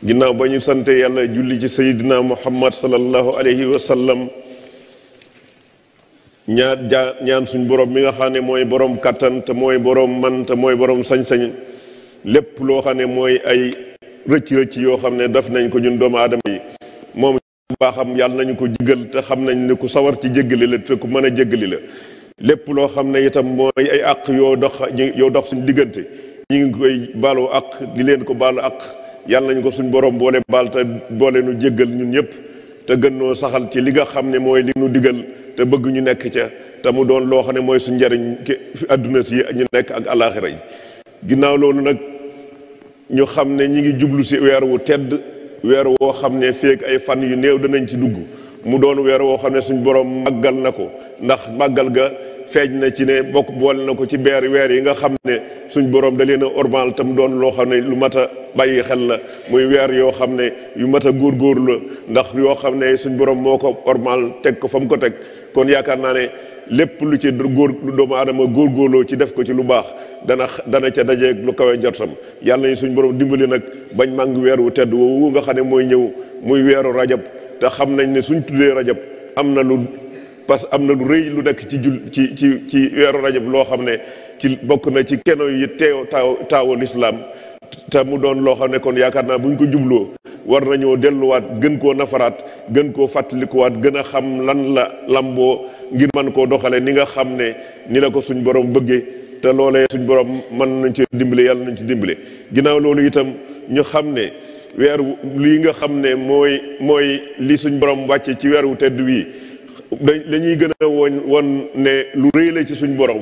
ginnaaw ba ñu sante yàlla julli ci sayidina muhammad sallallahu alayhi wa sallam ñaan jaa ñaan suñ borom mi nga xam ne mooy boroom kattan te mooy boroom man te mooy borom sañ-sañ lépp loo xam ne mooy ay rëcc-rëcc yoo xam ne def nañ ko ñun doomu aadama yi moom baaxam yàlla nañu ko jéggal te xam nañ ne ku sawar ci jéggale la te ku mën a jéggale la lépp loo xam ne itam mooy ay àq yoo dox yoo suñ diggante ñu ngi koy baalu àq di leen ko baalu àq yàlla nañ ko suñ borom boole baal te boole nu jéggal ñun ñëpp te gën noo saxal ci li nga xam ne mooy li nu digal te bëgg ñu nekk ca te mu doon loo xam ne mooy suñ njariñ fi àdduna si ñu nekk ak alaaxira yi ginnaaw loolu nag ñu xam ne ñi ngi jublu si weer wu tedd weer woo xam ne feeg ay fan yu néew danañ ci dugg mu doon weer woo xam ne suñ borom màggal na ko ndax màggal ga feeñ na ci ne bokk boole na ko ci beer weer yi nga xam ne suñ borom da leen a tam doon loo xam ne lu mata a bàyyi xel la muy weer yoo xam ne yu mat a góor la ndax yoo xam ne suñ borom moo ko orbal teg ko fa mu ko teg kon yaakaar naa ne lépp lu ci góor doomu aadama góorgóorloo ci def ko ci lu baax dana dana ca dajeeg lu kawe njortam yàlla ñu suñ borom dimbali nag bañ màng weer wu tedd woowu nga xam ne mooy ñëw muy weeru rajab te xam nañ ne suñ tuddee rajab am na lu parce que am na lu rëy lu nekk ci jul ci ci ci weeru rajab loo xam ne ci bokk na ci keno yi teew taw taawu lislaam te mu doon loo xam ne kon yaakaar naa bu ñu ko jubloo war nañoo delluwaat gën koo nafaraat gën koo fàttalikuwaat gën a xam lan la lamboo ngir man koo doxale ni nga xam ne ni la ko suñ borom bëggee te loolee suñ borom mën nañ ci dimbale yàlla nañ ci dimbale ginnaaw loolu itam ñu xam ne weer lii nga xam ne mooy mooy lii suñ borom wàccee ci weer wu wii dañuy gën a woon woon ne lu rëy la ci suñ borom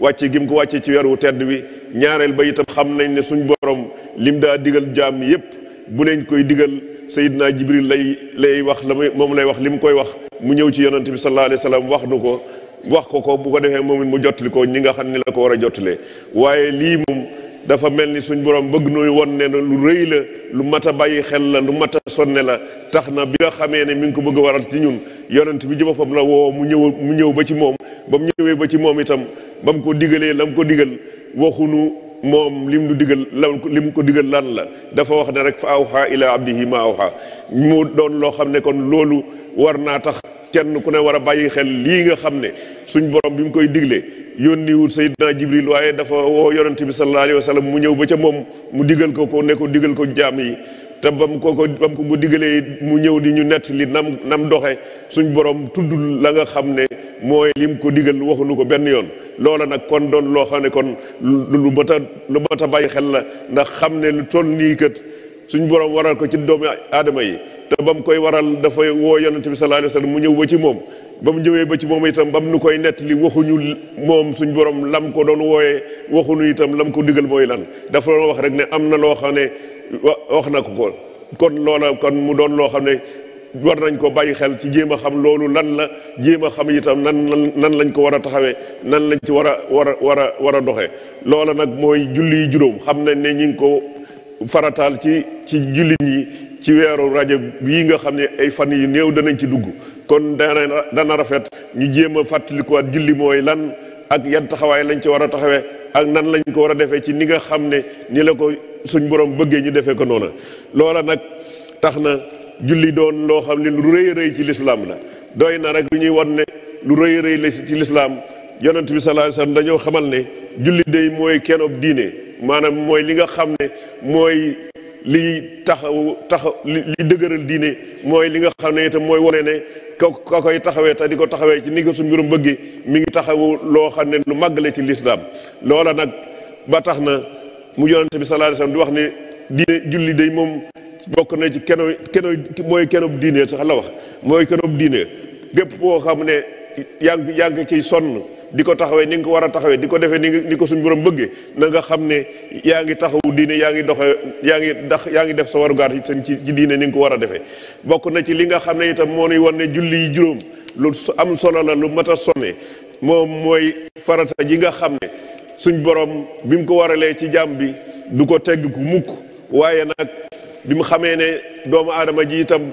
wàcce gim ko wàcce ci weeru tedd wi ñaareel ba itam xam nañ ne suñ borom lim daa digal jàmm yépp bu leen koy digal Seydina Jibril lay lay wax la moom lay wax li mu koy wax mu ñëw ci yonent bi sallallahu alayhi wa sallam wax nu ko wax ko ko bu ko defee moom it mu jottali ko ñi nga xam ne la ko war a jottalee waaye lii moom dafa mel ni suñ borom bëgg nooy won ne na lu rëy la lu mata bàyyi xel la lu mat a sonne la tax na bi nga xamee ne mi ngi ko bëgg a waral ci ñun yonent bi ci boppam la woo mu ñëw mu ñëw ba ci moom ba mu ñëwee ba ci moom itam ba mu ko digalee la mu ko digal waxunu moom lim du digal lan lim ko digal lan la dafa wax ne rek fa awxa ila abdihi ma awxa mu doon loo xam ne kon loolu war naa tax kenn ku ne war a bàyyi xel lii nga xam ne suñ borom bi mu koy digle yónniwul Seydina Jibril waaye dafa woo yonent bi sallallahu alayhi wa sallam mu ñëw ba ca moom mu digal ko ko ne ko digal ko jaam yi te bam ko ko bam ko ko digalee mu ñëw di ñu nett li nam nam doxe suñ borom tuddul la nga xam ne mooy lim ko digal waxuñu ko benn yoon loola nag kon doon loo xam ne kon lu mat a lu mat a bàyyi xel la ndax xam ne lu toll nii kat suñ borom waral ko ci doomi aadama yi te bam koy waral dafa woo yonent bi sallallahu alayhi mu ñëw ba ci moom ba mu jëwee ba ci moom itam ba mu nu koy nettali waxuñu moom suñ borom lam ko doon wooyee waxuñu itam lam ko digal mooy lan dafa doon wax rek ne am na loo xam ne wax na ko ko kon loola kon mu doon loo xam ne war nañ ko bàyyi xel ci jéem a xam loolu lan la jéem a xam itam nan nan lañ ko war a taxawee nan lañ ci war a war a war a war a doxee loola nag mooy julli juróom xam nañ ne ñi ngi ko farataal ci ci jullit yi ci weeru rajo bii nga xam ne ay fan yi néew danañ ci dugg kon dana dana rafet ñu jéem a fàttalikuwaat julli mooy lan ak yan taxawaay lañ ci war a taxawee ak nan lañ ko war a defee ci ni nga xam ne ni la ko suñ borom bëggee ñu defee ko noona loola nag tax na julli doon loo xam ne lu rëy rëy ci lislaam la doy na rek lu ñuy wan ne lu rëy rëy la ci lislaam yonent bi sallallahu dañoo xamal ne julli day mooy kenoob diine maanaam mooy li nga xam ne mooy liy taxaw taxaw li dëgëral diine mooy li nga xam ne itam mooy wane ne ka ka koy taxawee te di ko taxawee ci ni ko suñu mbirum bëggi mi ngi taxawu loo xam ne lu màgg la ci lislaam loola nag ba tax na mu yonante bi sallallahu alayhi wasallam di wax ne diine julli day moom bokk na ci keno keno mooy kenob diine sax la wax mooy kenob diine gépp koo xam ne yaa ngi yaa ngi ciy sonn di ko taxawee ni nga ko war a taxawee di ko defee ni ni ko suñu borom bëggee na nga xam ne yaa ngi taxawu diine yaa ngi doxee yaa ngi dax yaa ngi def sa warugaar ci ci diine ni nga ko war a defee bokk na ci li nga xam ne itam moo nuy wan ne julli yi juróom lu am solo la lu mat sonne moom mooy farata ji nga xam ne suñ boroom bi mu ko waralee ci jàmm bi du ko tegg ku mukk waaye nag bi mu xamee ne doomu aadama ji itam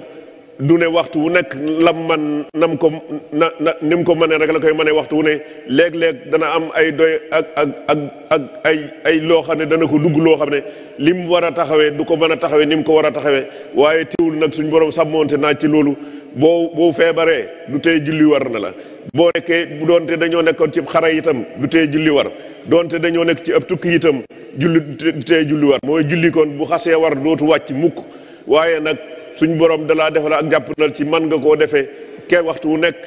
du ne waxtu wu nekk lam man nam ko na na ni mu ko mënee rek la koy mënee waxtu wu ne léeg-léeg dana am ay doy ak ak ak ak ay ay loo xam ne dana ko dugg loo xam ne li mu war a taxawee du ko mën a taxawee ni mu ko war a taxawee waaye teewul nag suñ borom sàmmoonte naaj ci loolu boo boo feebaree du tee julli war na la boo nekkee bu doonte dañoo nekkoon ci xara itam du tee julli war doonte dañoo nekk ci ab tukki itam julli du tee julli war mooy julli kon bu xasee war dootu wàcc mukk waaye nag suñ borom dalaa defal ak jàppandal ci man nga koo defee kenn waxtu wu nekk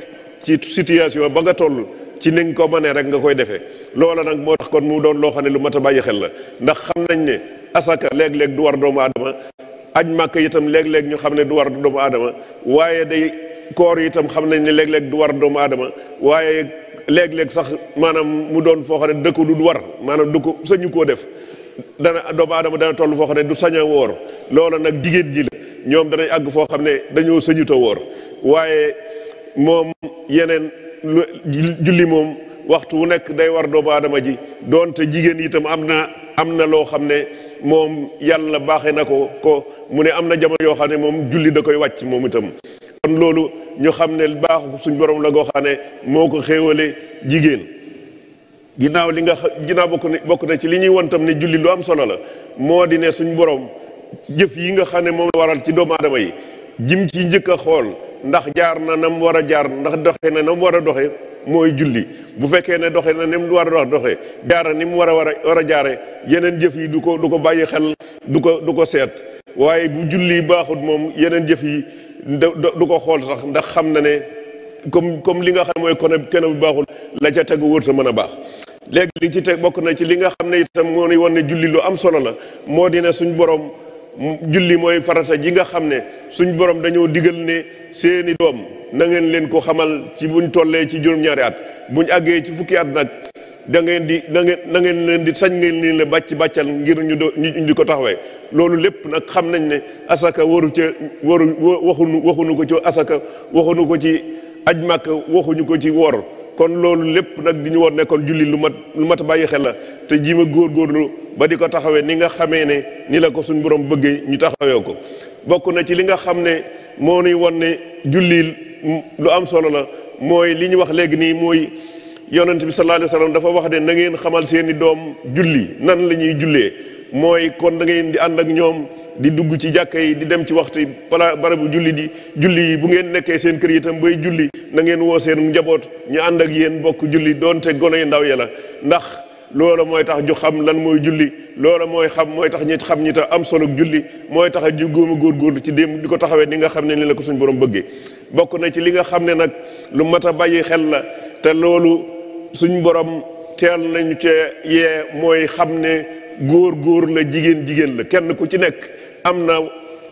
ci situation ba nga toll ci ni ko manee rek nga koy defee loola nag moo tax kon mu doon loo xam ne lu mat a bàyyi xel la ndax xam nañ ne asaka léeg-léeg du war doomu aadama aj màkk itam léeg-léeg ñu xam ne du war doomu aadama waaye day koor itam xam nañ ne léeg-léeg du war doomu aadama waaye léeg-léeg sax maanaam mu doon foo xam ne dëkku du war maanaam du ko sañu koo def dana doomu aadama dana toll foo xam ne du sañ a woor loola nag jigéen ji la ñoom danañ àgg foo xam ne dañoo sëñuta wóor waaye moom yeneen julli moom waxtu wu nekk day war doomu aadama ji doonte jigéen yitam am na am na loo xam ne moom yàlla baaxee na ko ko mu ne am na jamono yoo xam ne moom julli da koy wàcc moom itam kon loolu ñu xam ne baaxu suñ borom la goo xam ne moo ko xéewale jigéen ginnaaw li nga ginnaaw bokk na bokk na ci li ñuy won tam ne julli lu am solo la moo di ne suñ borom jëf yi nga xam ne moom la waral ci doomu adama yi jim ci njëkk a xool ndax jaar na nam war a jaar ndax doxe na nam war a doxe mooy julli bu fekkee ne doxe na ni mu war a dox doxe jaara ni mu war a war a war a jaare yeneen jëf yi du ko du ko bàyyi xel du ko du ko seet waaye bu julli baaxut moom yeneen jëf yi du ko xool sax ndax xam na ne comme comme li nga xam ne mooy kone kene bu baaxul la ca tegu wërta mën a baax léegi li ci teg bokk na ci li nga xam ne itam moo ni wan ne julli lu am solo la moo di ne suñ borom julli mooy farata ji nga xam ne suñ borom dañoo digal ne seeni doom na ngeen leen ko xamal ci buñ tollee ci juróom-ñaari at buñ àggee ci fukki at nag da ngeen di na na ngeen leen di sañ ngeen leen la bàcc bàccal ngir ñu do ñu di ko taxawee loolu lépp nag xam nañ ne asaka waru ca waru waxunu waxuñu ko ci asaka waxuñu ko ci aj màkk waxuñu ko ci woor kon loolu lépp nag di ñu woon ne kon julli lu mat lu mat bàyyi xel la te jiima góorgóorlu ba di ko taxawee ni nga xamee ne ni la ko suñu borom bëggee ñu taxawee ko bokk na ci li nga xam ne moo nuy woon ne julli lu am solo la mooy li ñu wax léegi nii mooy yonent bi sallallahu alayhi wa dafa wax ne na ngeen xamal seeni doom julli nan la ñuy jullee mooy kon da ngeen di ànd ak ñoom di dugg ci jàkka yi di dem ci waxtu pala barabu julli di julli yi bu ngeen nekkee seen kër yi itam bay julli nangeen woo seen njaboot ñu ànd ak yéen bokk julli doonte gone yu ndaw yee la ndax loola mooy tax ju xam lan mooy julli loola mooy xam mooy tax ñi xam ñi ta am solo julli mooy tax ju góoma góorgóorlu ci dem di ko taxawee ni nga xam ne ni la ko suñ borom bëggee bokk na ci li nga xam ne nag lu mat a bàyyi xel la te loolu suñ borom teel nañu cee yee mooy xam ne góor góor la jigéen jigéen la kenn ku ci nekk am na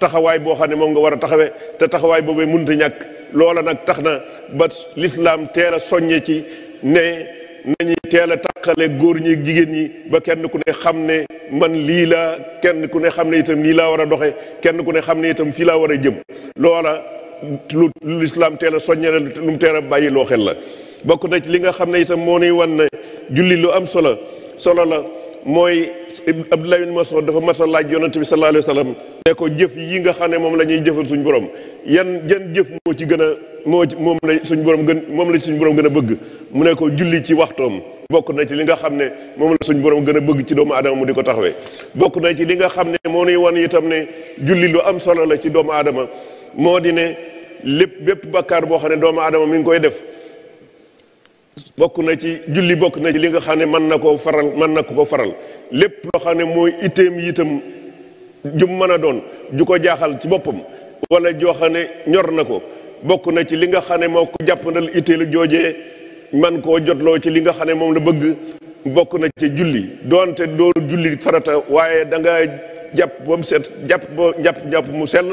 taxawaay boo xam ne moom nga war a taxawee te taxawaay boobee mënut a ñàkk loola nag tax na ba lislaam teel a soññe ci ne a taqale góor ñi jigéen ñi ba kenn ku xam ne man lii laa kenn ku ne xam ne itam lii laa war a doxe kenn ku ne xam ne itam fii laa war a jëm loola lu lislaam teel a soññe la lu mu teel bàyyi loo xel la bokk na li nga xam ne itam moo nuy wan ne julli lu am solo solo la mooy Abdullah ibn Mas'ud dafa mas a laaj yonent bi sallallahu alayhi wa sallam ne ko jëf yi nga xam ne moom la ñuy jëfal suñu borom yan yan jëf moo ci gën a moo moom la suñu borom gën moom la suñu borom gën a bëgg mu ne ko julli ci waxtoom bokk na ci li nga xam ne moom la suñu borom gën a bëgg ci doomu aadama mu di ko taxawee bokk na ci li nga xam ne moo nuy wan itam ne julli lu am solo la ci doomu aadama moo di ne lépp bépp bakkaar boo xam ne doomu aadama mi ngi koy def bokk na ci julli bokk na ci li nga xam ne mën na koo faral mën na ko faral lépp loo xam ne mooy iteem yitam jum mën a doon ju ko jaaxal ci boppam wala joo xam ne ñor na ko bokk na ci li nga xam ne moo ko jàppandal itteelu joojee man koo jotloo ci li nga xam ne moom la bëgg bokk na ci julli doonte doo julli farata waaye da nga jàpp ba mu set jàpp ba jàpp-jàpp mu sell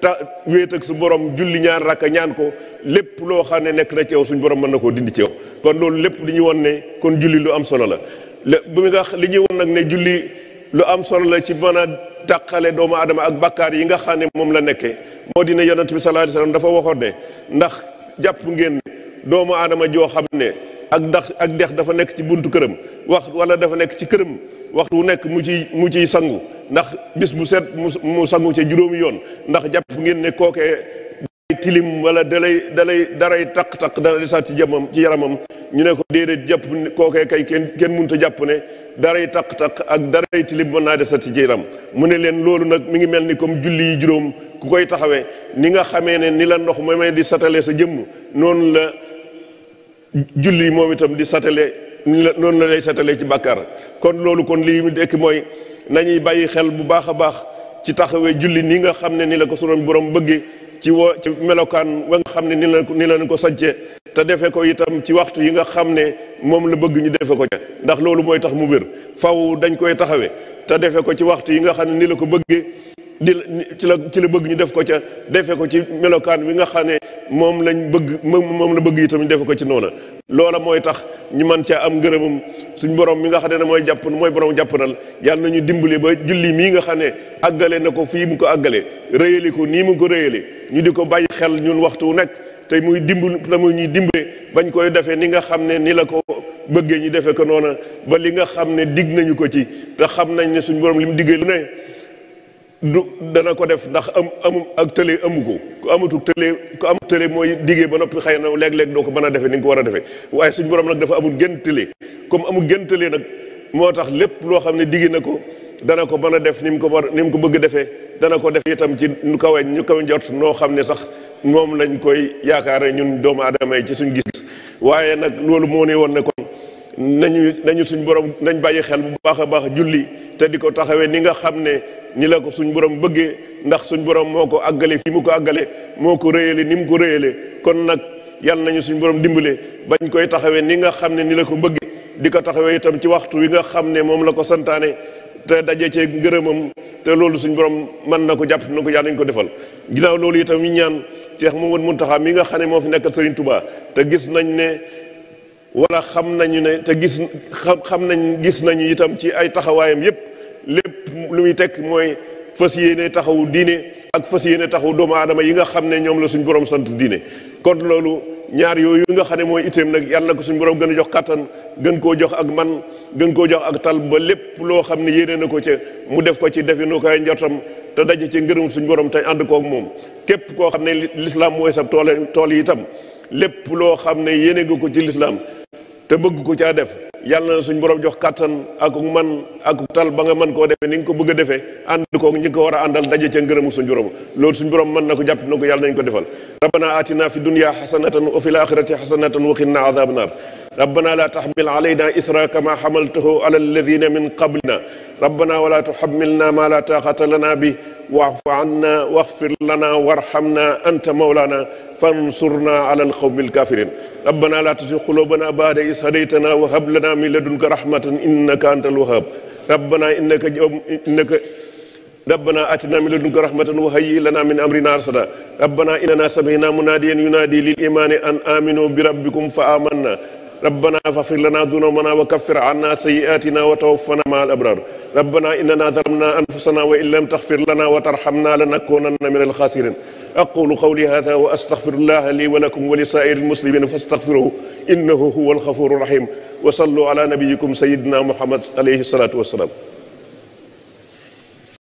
ta wéet ak su borom julli ñaan rakka ñaan ko lépp loo xam ne nekk na ci yow suñu borom mën na koo dindi ci kon loolu lépp li ñuy won ne kon julli lu am solo la bu nga li ñuy won nag ne julli lu am solo la ci mën a doomu aadama ak bakkaar yi nga xam ne moom la nekkee moo di ne yonent bi sallallahu alayhi wasallam dafa waxoon ne ndax jàpp ngeen doomu aadama joo xam ne ak ndax ak dex dafa nekk ci buntu këram wax wala dafa nekk ci këram waxtu wu nekk mu ci mu ciy sangu ndax bis bu set mu sangu ci juróomi yoon ndax jàpp ngeen ne kookee tilim wala dalay dalay daray taq-taq dalay sax ci jamam ci yaramam ñu ne ko déedéet jàpp kookee kay kenn kenn mënut a jàpp ne daray taq-taq ak daray tilib mën naa des desati ci yaram mu ne leen loolu nag mi ngi mel ni comme julli yi juróom ku koy taxawee ni nga xamee ne ni la ndox ma di satale sa jëmm noonu la julli moom itam di satale ni la noonu la lay satale ci bàkkaar kon loolu kon lii mu dekk mooy nañuy bàyyi xel bu baax a baax ci taxawee julli ni nga xam ne ni la ko suñu borom bëggee ci woo ci melokaan wa nga xam ne ni la ni la ko sàncee te defe ko itam ci waxtu yi nga xam ne moom la bëgg ñu defe ko ca ndax loolu mooy tax mu wér faw dañ koy taxawee te defe ko ci waxtu yi nga xam ne ni la ko bëggee di ci la ci la bëgg ñu def ko ca defe ko ci melokaan wi nga xam ne moom lañ bëgg moom la bëgg itam ñu defe ko ci noona loola mooy tax ñu man caa am ngërëmam suñ borom mi nga xam ne mooy jàpp mooy borom jàppandal yàlla na ñu dimbale ba julli mii nga xam ne àggale na ko fii mu ko àggale rëyale ko nii mu ko rëyale ñu di ko bàyyi xel ñun waxtu wu nekk te muy dimbal te muy ñuy dimbale bañ koy defee ni nga xam ne ni la ko bëggee ñu defee ko noona ba li nga xam ne digg nañu ko ci te xam nañ ne suñu borom li mu diggee lu ne du dana ko def ndax am amum ak tële amu ko ku amatul tële ku am tële mooy diggee ba noppi xëy na léeg-léeg doo ko mën defee ni ko war a defee waaye suñu borom nag dafa amul gën tële comme amul gën tële nag moo tax lépp loo xam ne diggee na ko dana ko mën def ni mu ko war ni mu ko bëgg defee dana ko def itam ci nu kawe ñu kawe njort noo xam ne sax moom lañ koy yaakaare ñun doomu aadama yi ci suñ gis waaye nag loolu moo ne woon ne kon nañu nañu suñ borom nañ bàyyi xel bu baax a baax julli te di ko taxawee ni nga xam ne ñi la ko suñ borom bëggee ndax suñ borom moo ko àggale fi mu ko moo ko réyale ni mu ko réyale kon nag yàlla nañu suñ borom dimbale bañ koy taxawee ni nga xam ne ni la ko bëggee di ko taxawee itam ci waxtu wi nga xam ne moom la ko santaane te daje cee ngërëmam te loolu suñ borom mën na ko jàpp na ko yàlla nañ ko defal ginnaaw loolu itam ñu ñaan Cheikh Mamadou Mountakha mi nga xam ne moo fi nekk Serigne Touba te gis nañ ne wala xam nañu ne te gis xam xam nañ gis nañu itam ci ay taxawaayam yépp lépp lu muy tekk mooy fas yéene taxawu diine ak fas yéene taxawu doomu aadama yi nga xam ne ñoom la suñu borom sant diine kon loolu ñaar yooyu nga xam ne mooy itam nag yàlla na ko suñu borom gën a jox kàttan gën koo jox ak man gën koo jox ak tal ba lépp loo xam ne yéene ko ca mu def ko ci definoo kaay njortam te daje ci ngërëm suñ borom tey ànd koog moom képp koo xam ne lislaam mooy sa tool tool yi itam lépp loo xam ne yéene nga ko ci lislaam te bëgg ko caa def yàlla na suñ borom jox kàttan ak man ak tal ba nga mën koo defee ni nga ko bëgg a defee ànd koog ñi ko war a àndal daje ca ngërëmu suñ borom loolu suñ borom mën na ko jàpp na ko yàlla nañ ko defal rabbana atina fi dunya xasanatan wa fil axirati xasanatan wa naa azab naar rabbana la taxmil alayna isra kama xamaltahu ala alladina min qablina rabbana wala tuxamilna ma la taqata lana bi waafu anna waxfir lana warxamna anta mawlana fansurna ala alqawmi alkafirin rabbana la tuti qulubana baada is hadaytana wa hab lana min ladunka rahmatan innaka anta alwahab rabbana innaka innaka ربنا آتنا من لدنك رحمة وهيئ لنا من أمرنا رشدا ربنا إننا سمعنا مناديا ينادي للإيمان أن آمنوا بربكم فآمنا ربنا فاغفر لنا ذنوبنا وكفر عنا سيئاتنا وتوفنا مع الأبرار ربنا إننا ظلمنا أنفسنا وإن لم تغفر لنا وترحمنا لنكونن من الخاسرين أقول قولي هذا وأستغفر الله لي ولكم ولسائر المسلمين فاستغفروه إنه هو الغفور الرحيم وصلوا على نبيكم سيدنا محمد عليه الصلاة والسلام